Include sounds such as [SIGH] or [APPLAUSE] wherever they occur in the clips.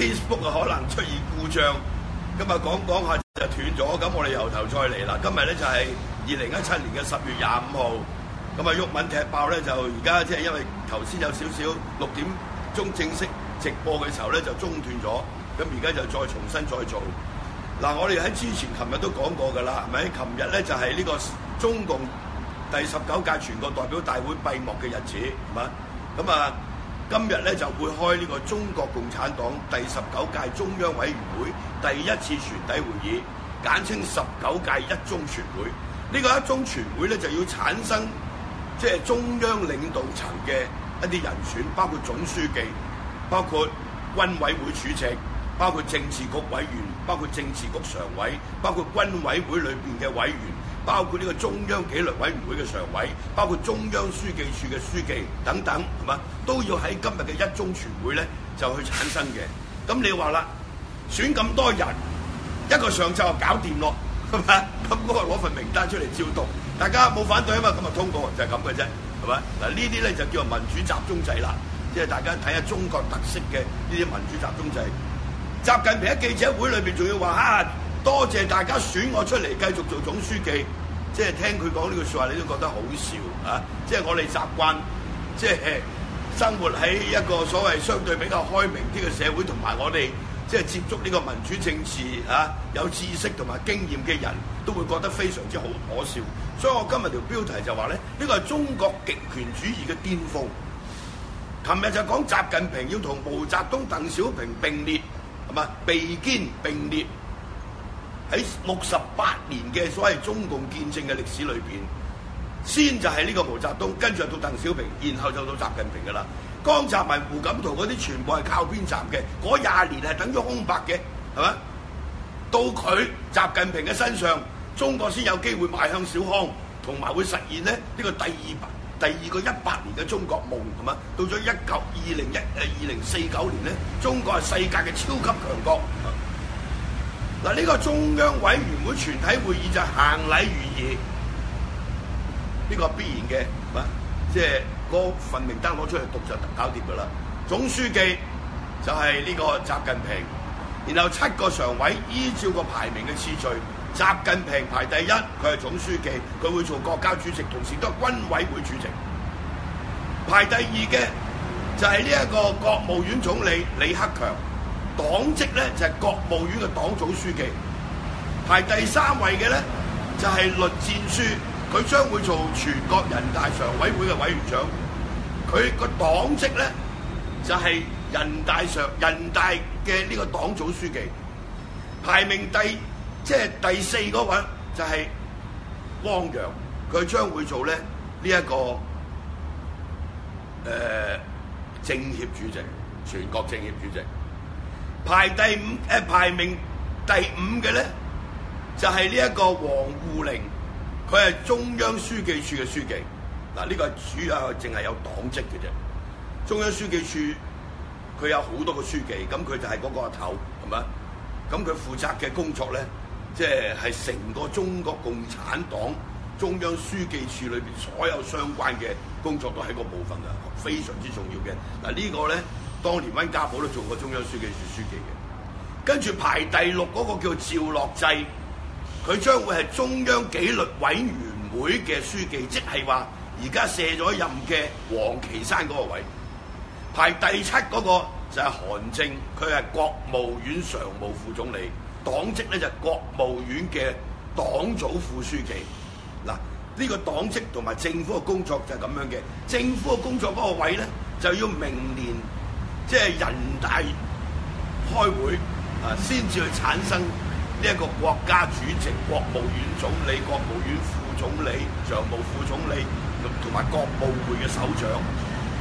Facebook 啊，可能出現故障，咁啊講講下就斷咗，咁我哋由頭再嚟啦。今日咧就係二零一七年嘅十月廿五號，咁啊毓民踢爆咧就而家即係因為頭先有少少六點鐘正式直播嘅時候咧就中斷咗，咁而家就再重新再做。嗱，我哋喺之前琴日都講過㗎啦，係咪？喺琴日咧就係呢個中共第十九屆全國代表大會閉幕嘅日子，係咪？咁啊。今日咧就會開呢個中國共產黨第十九屆中央委員會第一次全體會議，簡稱十九屆一中全會。呢個一中全會咧就要產生即係中央領導層嘅一啲人選，包括總書記，包括軍委會主席，包括政治局委員，包括政治局常委，包括軍委會裏邊嘅委員，包括呢個中央紀律委員會嘅常委，包括中央書記處嘅書記等等，係嘛，都要喺今日嘅一中全會咧就去產生嘅。咁你話啦，選咁多人，一個上晝就搞掂咯，係咪？咁我攞份名單出嚟照讀，大家冇反對啊嘛，咁就通過就係咁嘅啫，係嘛？嗱，呢啲咧就叫做民主集中制啦，即係大家睇下中國特色嘅呢啲民主集中制。習近平喺記者會裏邊仲要話嚇。啊多謝大家選我出嚟繼續做總書記，即係聽佢講呢句説話，你都覺得好笑啊！即係我哋習慣，即係生活喺一個所謂相對比較開明啲嘅社會，同埋我哋即係接觸呢個民主政治啊，有知識同埋經驗嘅人都會覺得非常之好可笑。所以我今日條標題就話呢呢個係中國極權主義嘅巔峯。琴日就講習近平要同毛澤東、鄧小平並列，係咪？並肩並列。喺六十八年嘅所謂中共建政嘅歷史裏邊，先就係呢個毛澤東，跟住就到鄧小平，然後就到習近平㗎喇。江澤民、胡錦濤嗰啲全部係靠邊站嘅，嗰廿年係等於空白嘅，係咪？到佢習近平嘅身上，中國先有機會邁向小康，同埋會實現咧呢、呢個第二百第二個一百年嘅中國夢，係嘛？到咗一九二零一誒二零四九年呢，中國係世界嘅超級強國。嗱，呢個中央委員會全體會議就行禮如儀，呢、這個必然嘅，即係個份名單攞出嚟讀就搞掂噶啦。總書記就係呢個習近平，然後七個常委依照個排名嘅次序，習近平排第一，佢係總書記，佢會做國家主席，同時都係軍委會主席。排第二嘅就係呢一個國務院總理李克強。黨職咧，就係國務院嘅黨組書記，排第三位嘅咧就係栗戰書，佢將會做全國人大常委會嘅委員長。佢個黨職咧就係人大常人大嘅呢個黨組書記，排名第即係、就是、第四位就係汪洋，佢將會做咧呢一個誒、呃、政協主席，全國政協主席。排第五誒，排名第五嘅咧，就係呢一個王滬寧，佢係中央書記處嘅書記。嗱、這、呢個主要係淨係有黨職嘅啫。中央書記處佢有好多個書記，咁佢就係嗰個阿頭，係咪？咁佢負責嘅工作咧，即係係成個中國共產黨中央書記處裏邊所有相關嘅工作都係個部分嘅，非常之重要嘅。嗱、這個、呢個咧。當年溫家寶都做過中央書記處書記嘅，跟住排第六嗰個叫趙樂際，佢將會係中央紀律委員會嘅書記，即係話而家卸咗任嘅王岐山嗰個位。排第七嗰個就係韓正，佢係國務院常務副總理，黨職咧就係國務院嘅黨組副書記。嗱，呢個黨職同埋政府嘅工作就係咁樣嘅，政府嘅工作嗰個位咧就要明年。即係人大開會啊，先至去產生呢一個國家主席、國務院總理、國務院副總理、常務副總理同埋各部委嘅首長。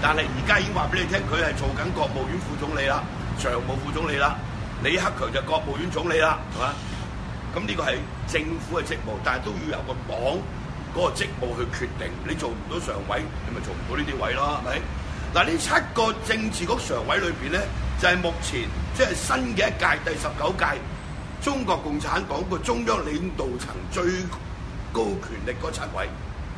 但係而家已經話俾你聽，佢係做緊國務院副總理啦、常務副總理啦。李克強就國務院總理啦，係嘛？咁呢個係政府嘅職務，但係都要由個黨嗰個職務去決定。你做唔到常委，你咪做唔到呢啲位咯，係咪？嗱，呢七個政治局常委裏邊咧，就係目前即係新嘅一屆第十九屆中國共產黨個中央領導層最高權力嗰七位，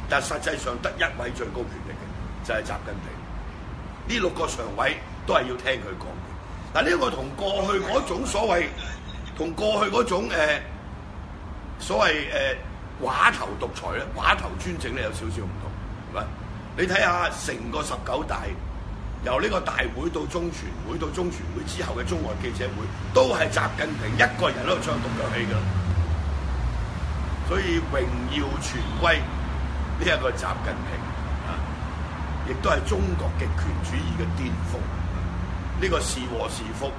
但實際上得一位最高權力嘅就係習近平，呢六個常委都係要聽佢講嘅。嗱，呢個同過去嗰種所謂同過去嗰種、呃、所謂誒寡頭獨裁咧、寡頭專政咧有少少唔同，係咪？你睇下成個十九大，由呢個大會到中全會到中全會之後嘅中外記者會，都係習近平一個人喺度唱獨角戲㗎。所以榮耀全歸呢一個係習近平啊，亦都係中國極權主義嘅巔峯。呢、這個是禍是福，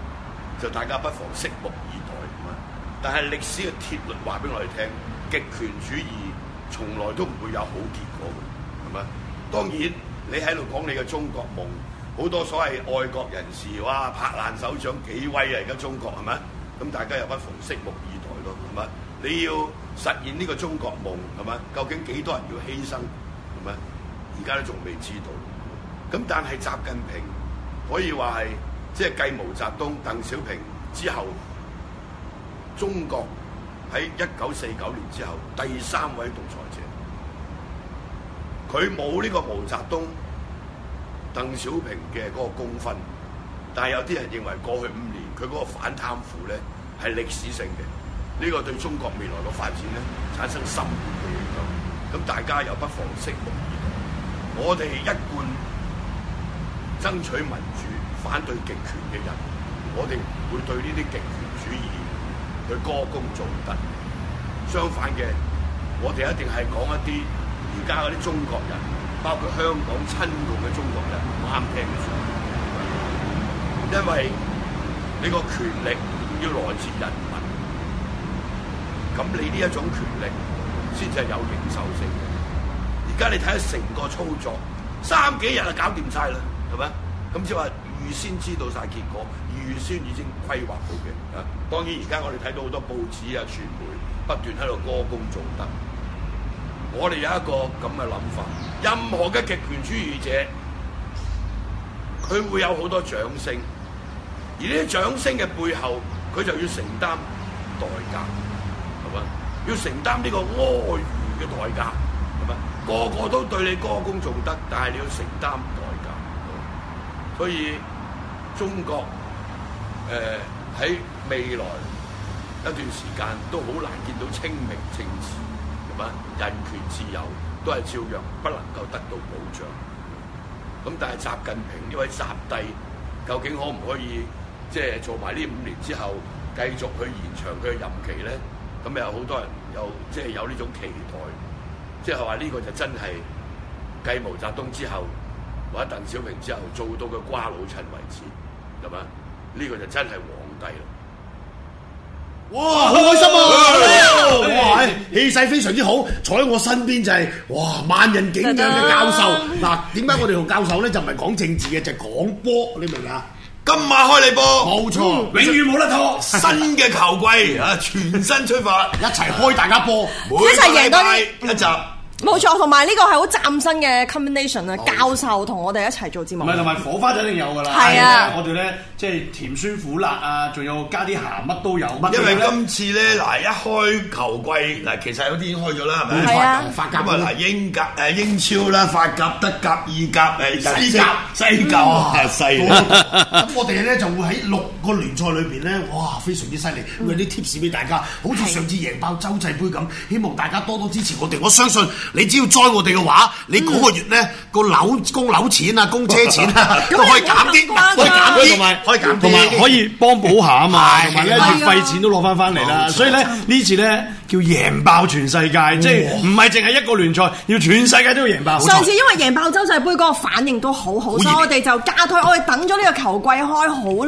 就大家不妨拭目以待咁啊。但係歷史嘅鐵律話俾我哋聽，極權主義從來都唔會有好結果㗎，係、啊、咪？啊當然，你喺度講你嘅中國夢，好多所謂愛國人士，哇，拍爛手掌幾威啊！而家中國係咪？咁大家又不妨拭目以待咯，係咪？你要實現呢個中國夢，係咪？究竟幾多人要犧牲，係咪？而家都仲未知道。咁但係習近平可以話係，即係繼毛澤東、鄧小平之後，中國喺一九四九年之後第三位獨裁者。佢冇呢個毛澤東鄧小平嘅嗰個功勳，但係有啲人認為過去五年佢嗰個反貪腐咧係歷史性嘅，呢個對中國未來嘅發展咧產生深遠嘅影響，咁大家又不妨拭目以待。我哋一貫爭取民主、反對極權嘅人，我哋會對呢啲極權主義去歌功頌德嘅。相反嘅，我哋一定係講一啲。而家嗰啲中國人，包括香港親共嘅中國人，唔啱聽嘅。因為你個權力要來自人民，咁你呢一種權力先至係有認受性嘅。而家你睇下成個操作，三幾日就搞掂晒啦，係咪？咁即係話預先知道晒結果，預先已經規劃好嘅。啊，當然而家我哋睇到好多報紙啊、傳媒不斷喺度歌功頌德。我哋有一個咁嘅諗法，任何嘅極權主義者，佢會有好多掌聲，而呢啲掌聲嘅背後，佢就要承擔代價，係嘛？要承擔呢個哀慟嘅代價，係嘛？個個都對你歌功頌德，但係你要承擔代價。所以中國誒喺、呃、未來一段時間都好難見到清明政治。乜人權自由都係照樣不能夠得到保障，咁但係習近平呢位習帝究竟可唔可以即係、就是、做埋呢五年之後繼續去延長佢嘅任期咧？咁有好多人又即係有呢、就是、種期待，即係話呢個就真係繼毛澤東之後或者鄧小平之後做到嘅瓜老襯為止，咁嘛？呢、這個就真係皇帝啦！哇，好開心啊！ [LAUGHS] 哇！氣勢非常之好，坐喺我身邊就係、是、哇萬人景仰嘅教授。嗱的，點解我哋同教授咧就唔係講政治嘅，就係講、是、波，你明唔明啊？今晚開你波，冇錯，嗯、永遠冇得拖。 [LAUGHS] 新嘅球季啊，全新出發， [LAUGHS] 一齊開大家波，每個禮拜一,一集。冇錯，同埋呢個係好嶄新嘅 combination 啊！教授同我哋一齊做節目，唔係同埋火花就一定有㗎啦。係啊，我哋咧即係甜酸苦辣啊，仲有加啲鹹，乜都有。乜。因為今次咧嗱，一開球季嗱，其實有啲已經開咗啦，係咪啊？冇錯！係啊！法甲，咁啊嗱，英格誒英超啦，法甲、德甲、意甲誒西甲、西甲，啊，西！咁我哋咧就會喺六個聯賽裏邊咧，哇非常之犀利，有啲 tips 俾大家，好似上次贏爆洲際杯咁，希望大家多多支持我哋，我相信。你只要栽我哋嘅話，你嗰個月咧個樓供樓錢啊，供車錢啊，都可以減啲，可以減啲，同埋可以減啲，同埋可以幫補下啊嘛，同埋咧連費錢都攞翻翻嚟啦。所以咧呢次咧叫贏爆全世界，即係唔係淨係一個聯賽，要全世界都要贏爆。上次因為贏爆洲際杯嗰個反應都好好，所以我哋就加推，我哋等咗呢個球季開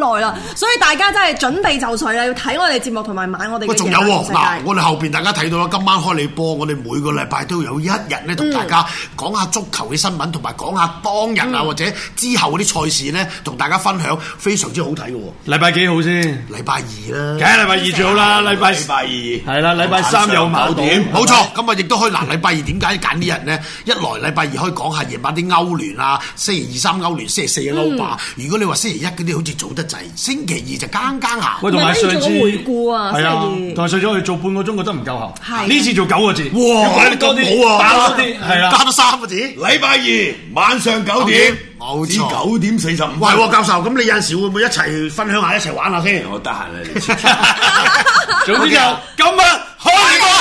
好耐啦，所以大家真係準備就緒啦，要睇我哋節目同埋買我哋嘅。喂，仲有嗱，我哋後邊大家睇到啦，今晚開你波，我哋每個禮拜都有一，七日咧同大家講下足球嘅新聞，同埋講下當日啊或者之後嗰啲賽事咧，同大家分享非常之好睇嘅。禮拜幾好先？禮拜二啦，梗係禮拜二最好啦。禮拜二！禮拜二係啦，禮拜三有冇點？冇錯，咁啊亦都可以。嗱，禮拜二點解揀啲人咧？一來禮拜二可以講下夜晚啲歐聯啊，星期二三歐聯，星期四歐霸。如果你話星期一嗰啲好似早得滯，星期二就啱啱行。喂，同埋上次，係啊，但上咗去做半個鐘覺得唔夠喉。呢次做九個字，哇，多啲好啊！啲，係啊，加多三個字。禮拜二晚上九點九 Okay. 點四十五。喂，教授，咁你有陣時會唔會一齊分享下一齊玩下先？ [LAUGHS] 我得閒，主持人，今晚可以嗎？